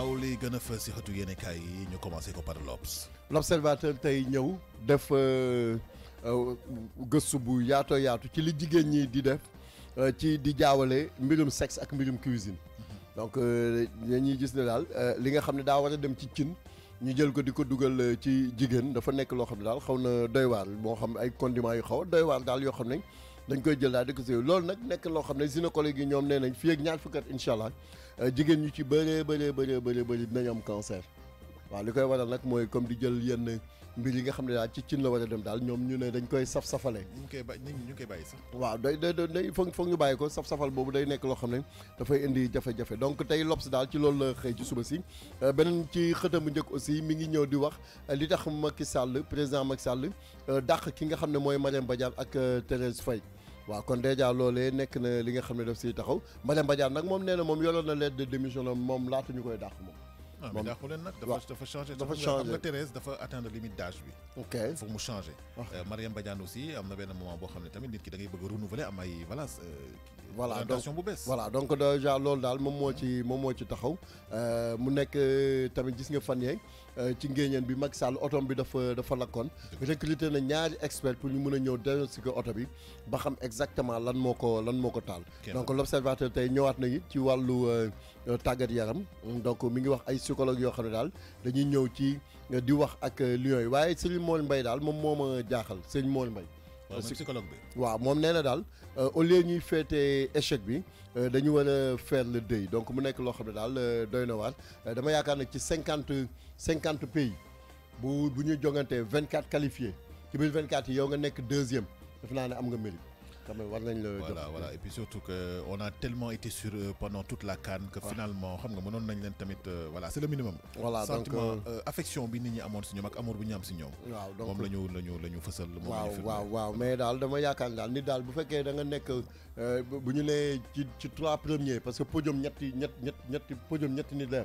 aw li gën a fës si xëtu ñu commencé ko par l'Obs. l'Observateur tey ñëw def euh, euh, gëstu bu yaato yaatu ci li jigéen ñi di def euh, ci di jaawale mbirum sexe ak mbirum cuisine. donc dañuy gis ni daal li nga xam ne daa war a dem ci cin ñu jël ko di ko dugal ci jigéen dafa nekk loo xam ne daal xaw na doy waar moo xam ay condiments yu xaw a doy waar daal yoo xam ne dañ koy jël daal di ko si loolu nag nekk loo xam ne gynécologue yi ñoom nee nañ fii ak ñaar fukki at incha allah Euh, jigéen ñu ci bëree bëree bëree bëri bëri dinañ am cancer waaw li koy waral nag mooy comme di jël yenn mbir yi nga xam ne daal ci cin la war a dem daal ñoom ñu ne dañ koy saf safale ñu koy bàyyi ñu ngi koy bàyyi sax waaw day day day foog foog ñu bàyyi ko saf safal boobu day nekk loo xam ne dafay indi jafe-jafe donc tey lobs daal ci loolu la xëy ci suba si euh, beneen ci xëtam bu njëkk aussi mi ngi ñëw di wax euh, li tax Macky Sall président Macky Sall dàq ki nga xam ne mooy Mariam Badiane ak Thérèse Faye waaw kon dèjà loolee nekk na li nga ne daf taxaw nag moom de démission mais dafa dafa changé dafa limite d'âge bi. ok foog mu ah. euh, Mariam Badiane aussi am na benn moment tamit nit ki bëgg renouveler am ay voilà. Euh, voilà donc bu bees. voilà donc déjà loolu daal ci moom ci taxaw euh, mu tamit Euh, ci ngéeñeen bi mag Sall otom bi dafa dafa lakkoon recruté na ñaari expert pour ñu mën a ñëw diagnostiquer oto bi ba xam exactement lan moo ko lan moo ko taal donc l'observateur tey ñëwaat na it ci wàllu euh, tàggat yaram donc mu ngi wax ay psychologue yoo xam ne daal dañuy ñëw ci di wax ak euh, Lions yi waaye Serigne Mor mbay daal moom moo ma jaaxal Serigne Mor mbay parce que psychologue bi. waaw moom nee na daal euh, au lieu ñuy féetee échec bi euh, dañu war a faire le deuil donc mu nekk loo xam ne daal euh, doy na waar dama yaakaar ne ci 50 cinquante pays bu bu ñuy jongantee vingt qualifiés ci biir vingt yow nga nekk deuxième def naa ne am nga mérite quand même war nañ la voilà voilà et puis surtout que on a tellement été sur eux pendant toute la CAN que finalement xam nga mënon nañ leen tamit euh, voilà c'est le minimum voilà sentiment euh, euh, affection bi nit ñi amone ci ñom ak amour bu ñu am si ñoom waaw donc moom la ñu la ñu la ñu waaw waaw waaw mais dal dama yaakaar dal nit dal bu fekkee da nga nek bu ñu nee ci ci trois premiers parce que podium ñetti ñet ñet ñetti podium ñetti nit la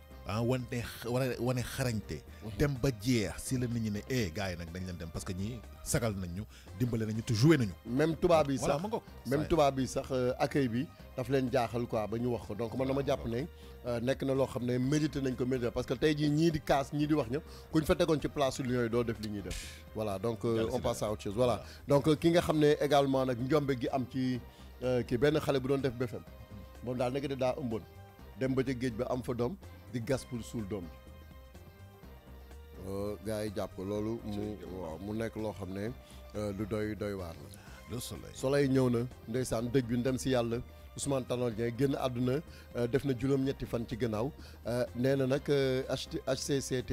ah wante wane wane xarañte. Mhm. dem ba jeex si la nit ñi ne eh gars yi nag dañ leen dem parce que ñii sagal nañ ñu dimbale nañu te joué nañu. même tubaab yi sax même tubaab yi sax euh, accueil bi daf leen jaaxal quoi ba ñu wax ko donc man dama jàpp ne euh, nekk na loo xam ne mérité nañ ko mérité parce que tey jii ñii di kaas ñii di wax ñëpp kuñ fa tegoon ci place su yi doo def li ñuy def. voilà donc euh, on passe à autre voilà donc ki nga xam ne également nag njombe gi am ci kii benn xale bu doon def BFM moom daal nekk daa ëmboon dem ba ca géej ba am fa doom di gas pour suul doom bi euh, gars yi jàpp loolu mu waaw mu nekk loo xam ne euh, lu doy doy waar la le soleil soleil ñëw na ndeysaan dëj bi ndem si yàlla Ousmane Tanor Dieng génn àdduna euh, def na juróom-ñetti fan ci gannaaw nee na nag HCCT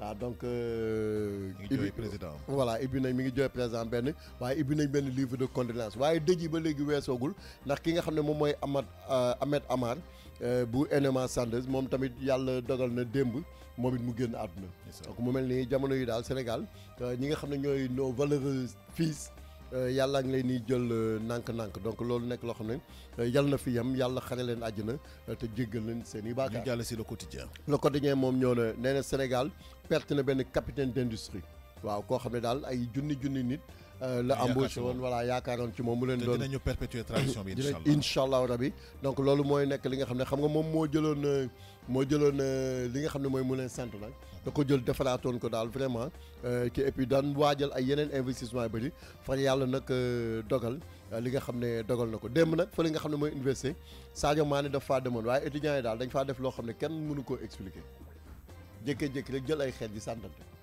Ah donc. Euh, président voilà il est mi président ben way nañ livre de condoléances waye dëj ba légui wessogul ndax ki nga mom moy euh, Ahmed Amar euh, bu NMA Sanders mom tamit yalla dogal na demb momit mu donc mu melni jamono yi dal Sénégal ñi nga nos valeureux fils. Euh, yàlla ngi leen di jël euh, nànk nank donc loolu nekk loo xam ne euh, yàlla na fi yem yàlla xare leen àjjana te jéggal leen seen i baakaar ñu jàll si le quotidien le quotidien moom ñoo ne nee na Sénégal perte na benn capitaine d'industrie waaw koo xam ne daal ay junni junni nit Euh, la embauché woon voilà yaakaaroon ci moom mu leen doon dinañu perpétuer tradition bi incha allah rabi donc loolu mooy nekk li nga xam ne xam nga moom moo jëloon moo jëloon euh, li nga xam ne mooy mu leen sant nag da ko jël defaraatoon ko daal vraiment ci euh, et puis daan waajal ay yeneen investissement yu bëri far yàlla nag dogal li nga xam ne dogal na ko démb nag fa li nga xam ne mooy université Sadio Mané dafa faa demoon waaye étudiants yi daal dañ faa def loo xam ne kenn mënu koo expliquer jékkee-jékki rek jël ay xeet yi sàntante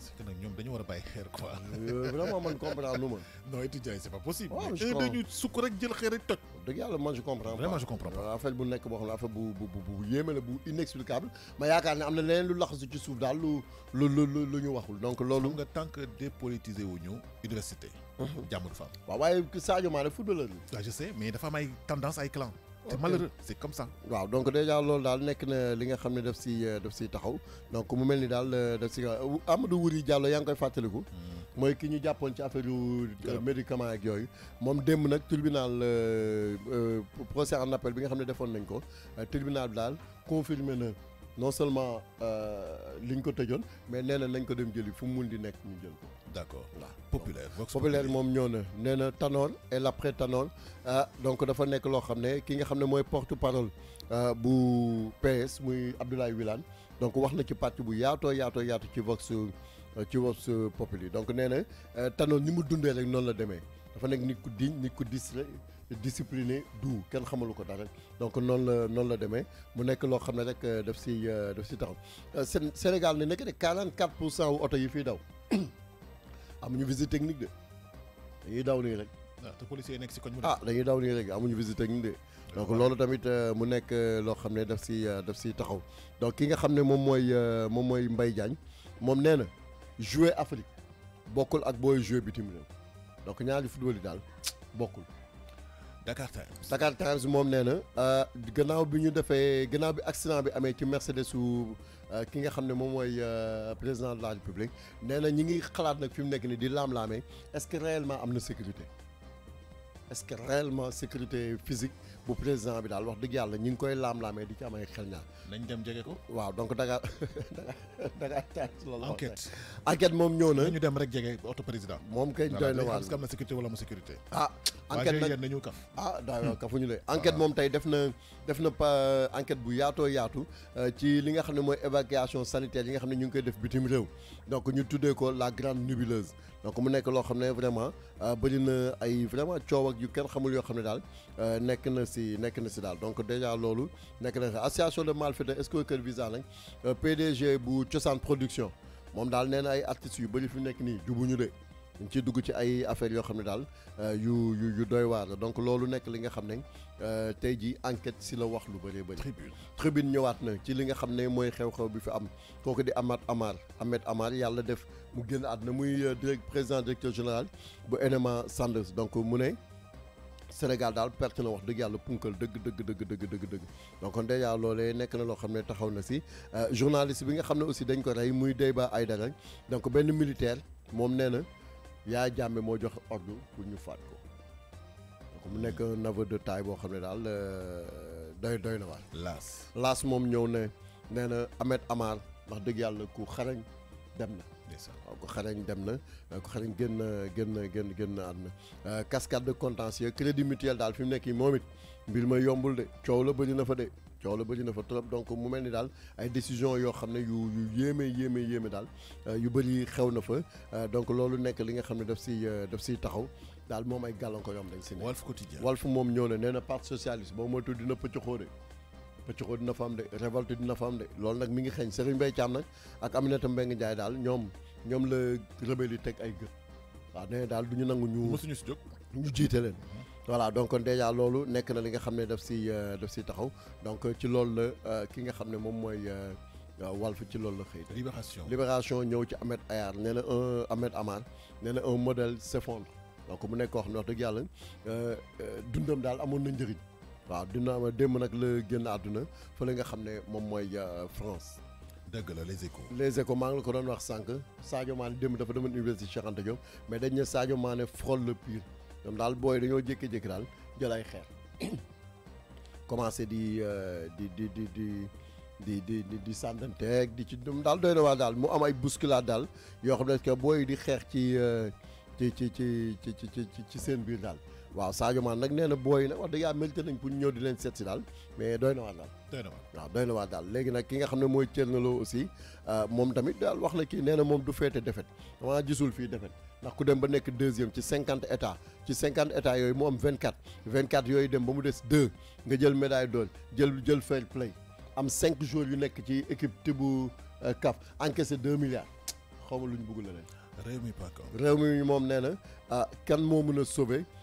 c'est que ñom dañu wara a bàyyi quoi. Euh, vraiment man comprendre luma ma. non tu yi c'est pas possible. waaw je dañu sukk rek jël xeer rek toj. dëgg yàlla man je comprends. vraiment je comprends pas fait bu nek bo xam la affaire bu bu bu yéeme la bu inexplicable ma yaakaar ne amna leneen lu laxu ci souf dal lu lu lu ñu waxul donc lolu nga tant que dépolitisé wu ñu université. Mhm. jàmm du fa am. waaw waaye Sadio Mané footballeur la. je sais mais dafa may tendance ay clans te malheureux c'est comme ça. waaw donc déjà loolu daal nekk na li nga xam ne daf si euh, daf siy taxaw donc mu mel ni daal euh, daf si euh, Amadou Wuri Diallo yaa ngi koy fàttaliku. Hmm. mooy ki ñu jàppoon ci affaire yu médicament ak yooyu moom démb nag tribunal procès en appel bi nga xam ne defoon nañ ko tribunal bi daal confirmé na non seulement euh, li ñu ko tëjoon mais nee na nañ ko dem jëli fu mu di nekk ñu jël d'accord waaw populaire. populaire moom ñoo na nee na Tanor et l'après Tanor ah euh, donc dafa nekk loo xam ne ki nga xam ne mooy porte parole euh, bu PS muy Abdoulaye Wilane donc wax na ci parti bu yaatoo yaatoo yaatu ci vox ci vox populi donc nee na ni mu dundee rek noonu la demee dafa nekk nit ku diñ nit ku discret discipliné du ken xamalu ko dara donc non la non la demee mu nek lo xamné rek euh, daf ci euh, daf ci taxaw euh, seen Sénégal ne nekk 44 auto yi fi daw amuñu visite technique de dañuy daw ni rek. waaw ah, te policiers nek ci si koñ mu ah dañuy daw ni rek amuñu visite technique de. donc lolu tamit mu nek lo xamné ne daf si daf si taxaw donc ki nga xamné mom moy mom moy mbay Diagne mom nee jouer Afrique bokul ak boy jouer bitim réew donc ñaari football yi dal bokul Dakar Times Dakar Times moom nee na euh, gannaaw bi ñu defee gannaaw bi accident bi amee ci Mercedes su euh, ki nga xam ne moom mooy euh, président de la République nee na ñi ngi xalaat nag fi mu nekk ni di laam-laamee est-ce que réellement am na sécurité est-ce que réellement sécurité physique bu président bi dal wax deug yalla ñing koy lam lamé di ci am ay xel ñaar. nañ dem jégué ko. waaw donc Dakar Dakar Times loolu. enquête enquête mom ñëw na. ñu dem rek jégué auto président. mom kay ah, ah, doy na waar am sécurité wala mu sécurité. ah enquête nag nañu kaf. ah da daaw kafuñu lay enquête mom tay def na def na euh, enquête bu yaatoo yaatu euh, ci li nga xamné moy évacuation sanitaire li nga xamné ñu ngi koy def bitim rew donc ñu tuddé ko la grande nébuleuse donc mu nekk lo xamné vraiment euh, bari na ay vraiment coow ak yu kenn xamul yo xamné dal nekk na si si nekk na si dal donc déjà loolu nek na association de malfaiteurs escroquerie visa nag euh, PDG bu Cosaan production mom dal nee ay artistes yu bëri fi nekk nii jubuñu de ñu ciy dugg ci ay affaire yo xamné dal euh, yu yu doy war donc loolu nek li nga xamné ne euh, tey jii enquête si la wax lu bëree bëri. tribune tribune ñëwaat na ci li nga xamné moy xew-xew bi fi am kooku di Amad Amar Ahmed Amar yalla def mu génn adna muy direct président directeur général bu NMA Sanders donc mu ne. Sénégal daal perte na wax dëgg yàlla punkal dëgg dëgg dëgg dëgg dëgg dëgg donc déjà nekk na loo xam ne taxaw na si euh, journaliste bi nga xam ne aussi dañ ko rey muy day baa Déba Aïdara donc benn militaire moom nee na yaa jàmme moo jox ordre pour ñu faat ko donc mu nekk un de taille boo xam ne daal euh, doy doy na waar laas laas moom ñëw ne nee na Ahmed Amar wax dëgg yàlla ku xarañ dem na waaw ko xarañ dem na ko xarañ génn gën génn am na àdduna euh, cascade de contentieux crédit mutuel daal fi mu nekk yi moom it mbir ma yombul de coow la bëri na fa de coow la bëri na fa trop donc mu mel ni daal ay décision yoo xam ne yu yu yéeme yéeme yéeme daal euh, yu bëri xew na fa euh, donc loolu nekk li nga xam ne daf si daf siy taxaw daal moom ay gàllankoor yoo xam dañ si ne Walf Quotidien Walf moom ñëw na nee na parti boobu boo moytu dina pëcc xóore pëcc dina fa am de révolte dina fa am de loolu nag mi ngi xeeñ Serigne Mbaye Thiam nag ak Aminata Mbengue Ndiaye daal ñoom ñoom la rebelle yi teg ay gët waaw nee daal du ñu nangu ñu. mosuñu si jóg ñu jiite leen. Mhm. voilà donc déjà loolu nekk na li nga xam ne daf si euh, daf si taxaw donc ci loolu la euh, ki nga xam ne moom mooy. Euh, waaw Walf ci loolu la xëy libération libération ñëw ci Ahmed Ayar nee na un Ahmed Amar nee na un modèle s'effondre donc mu nekk koo xam ne wax dëgg yàlla dundam daal amoon na njëriñ. waaw dina que démb nag la génn àdduna nga euh, France. la les échos. les échos maa ngi la ko doon wax sànq Sadio dafa université mais dañ ne Sadio Mané le pire ñoom daal booy dañoo jékki-jékki commencé euh, di di di di di. di di di di di ci dum daal doy na waa mu am ay bousculade daal yoo xam ne que booy di xeex euh, ci ci ci ci ci waaw Sadio Mané nag nee na boy, nag wax dëgg yàlla mérité nañ pour ñëw di leen seet si mais na daal. doy na waaw ki nga xam ne mooy aussi euh, tamit na kii na du defet dama gisul fii defet ndax ku dem ba deuxième ci 50 états ci 50 états yooyu mu am vingt 24. dem ba mu des deux nga jël médaille d'or jël jël fair play am cinq jours yu ci équipe euh, CAF encaissé milliards lu la leen. réew mi réew ah, kan sauver.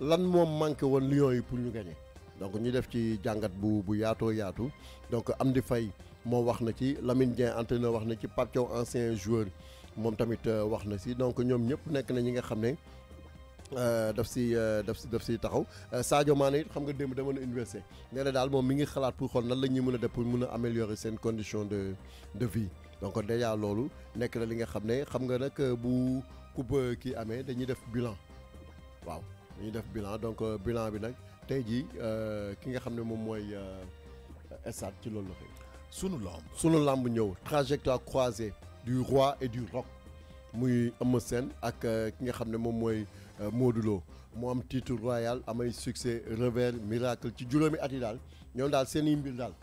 lan moom manqué woon lion yi pour ñu gagné donc ñu def ci jàngat bu bu yaatoo yaatu donc am di fay moo wax na ci Lamine Dieng na wax na ci Pape Thiaw ancien joueur moom tamit euh, wax na si donc ñoom ñëpp nekk na ñi nga xam ne def si def si daf si euh, taxaw euh, Sadio Mané it xam nga démb dama na université nee na daal moom mi ngi xalaat pour xool nan la ñuy mën a def pour mën a améliorer seen condition de de vie donc déjà loolu nekk na li nga xam ne xam nga nag bu coupe kii amee dañuy def bilan waaw. ñu def bilan donc euh, bilan bi nag tey jii euh, ki nga xam ne moom mooy Esat euh, ci loolu la xëy. sunu lamb sunu lamb ñëw trajectoire croisée du roi et du roc muy Eumeu Sène ak ki nga xam ne moom mooy Modou Lo am titre royal amay succès revers miracle ci juróomi at yi daal ñoom daal seen i mbir daal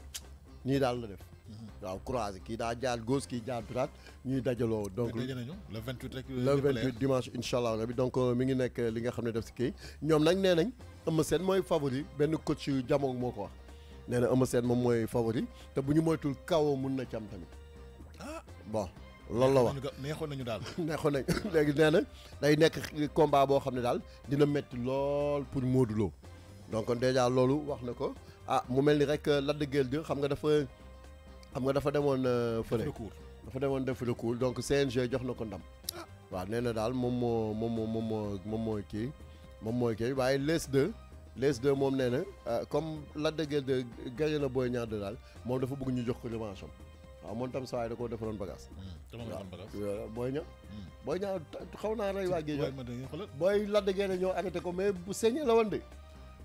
nii daal la def. Mm-hmm. waaw croisé kii daa jaar gauche kii jaar droite ñuy dajaloo. donc le 28 rek. le 28 dimanche incha allah rabi donc euh, mi ngi nekk euh, li nga xam ne def si kii ñoom nag nee nañ Eumeu Sène mooy favori benn coach jamono moo ko wax nee na Eumeu Sène moom mooy favori te bu ñu moytul kawoo mun na ci am tamit ah! bon. loolu la wax neexoon nañu daal neexoon nañ léegi nee na day nekk euh, combat boo xam ne daal dina métti lool pour Modou donc donc déjà loolu wax na ko ah mu mel ni rek Lac de Guiers xam nga dafa. xam nga dafa demoon euh, fële dafa def donc CNG jox na ko ndam ah. waaw nee na daal moom moo moom moo moom moo moom mooy les les deux euh, comme le de gagné Boy de Je daal dafa bëgg ñu jox ko revanche waaw da bagage. Hmm. mais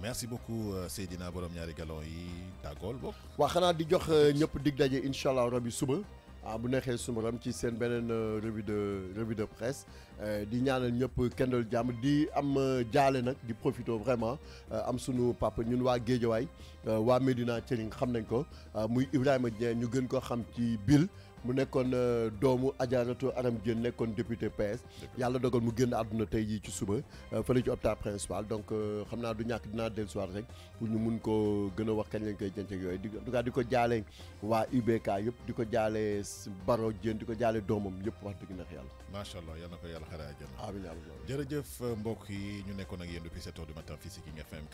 merci beaucoup euh, Seydina borom ñaari galon yi tàggool bok wa xana di jox euh, ñep dig dajé inshallah allah rabi suba ah bu neexee suba ram ci sen benen euh, revue de revue de presse di ñaanal ñep kendal jàmm di am jaale nak di profito vraiment am sunu papa ñun wa Géejawaay wa Medina Thiering xam nañ ko muy Ibrahima ñu gën ko xam ci Bill mu nekkoon euh, doomu Adjaratou Aram Diène nekkoon député PS yàlla dogal mu génn àdduna tey jii ci suba euh, fële ci opta principal donc euh, xam naa du ñàkk dinaa dellusiwaat rek pour ñu mun ko gën a wax kañ lañ koy jënd ak yooyu di en tout cas di ko jaale waa UBK yëpp di ko jaale Baro Diène di ko jaale doomam yëpp wax dëgg neex yàlla macha allah yal na ko yàlla xaraa jëna amiin yàlla jërëjëf mbokk yi ñu nekkoon ak yéen depuis 7 heures du matin fii si King FM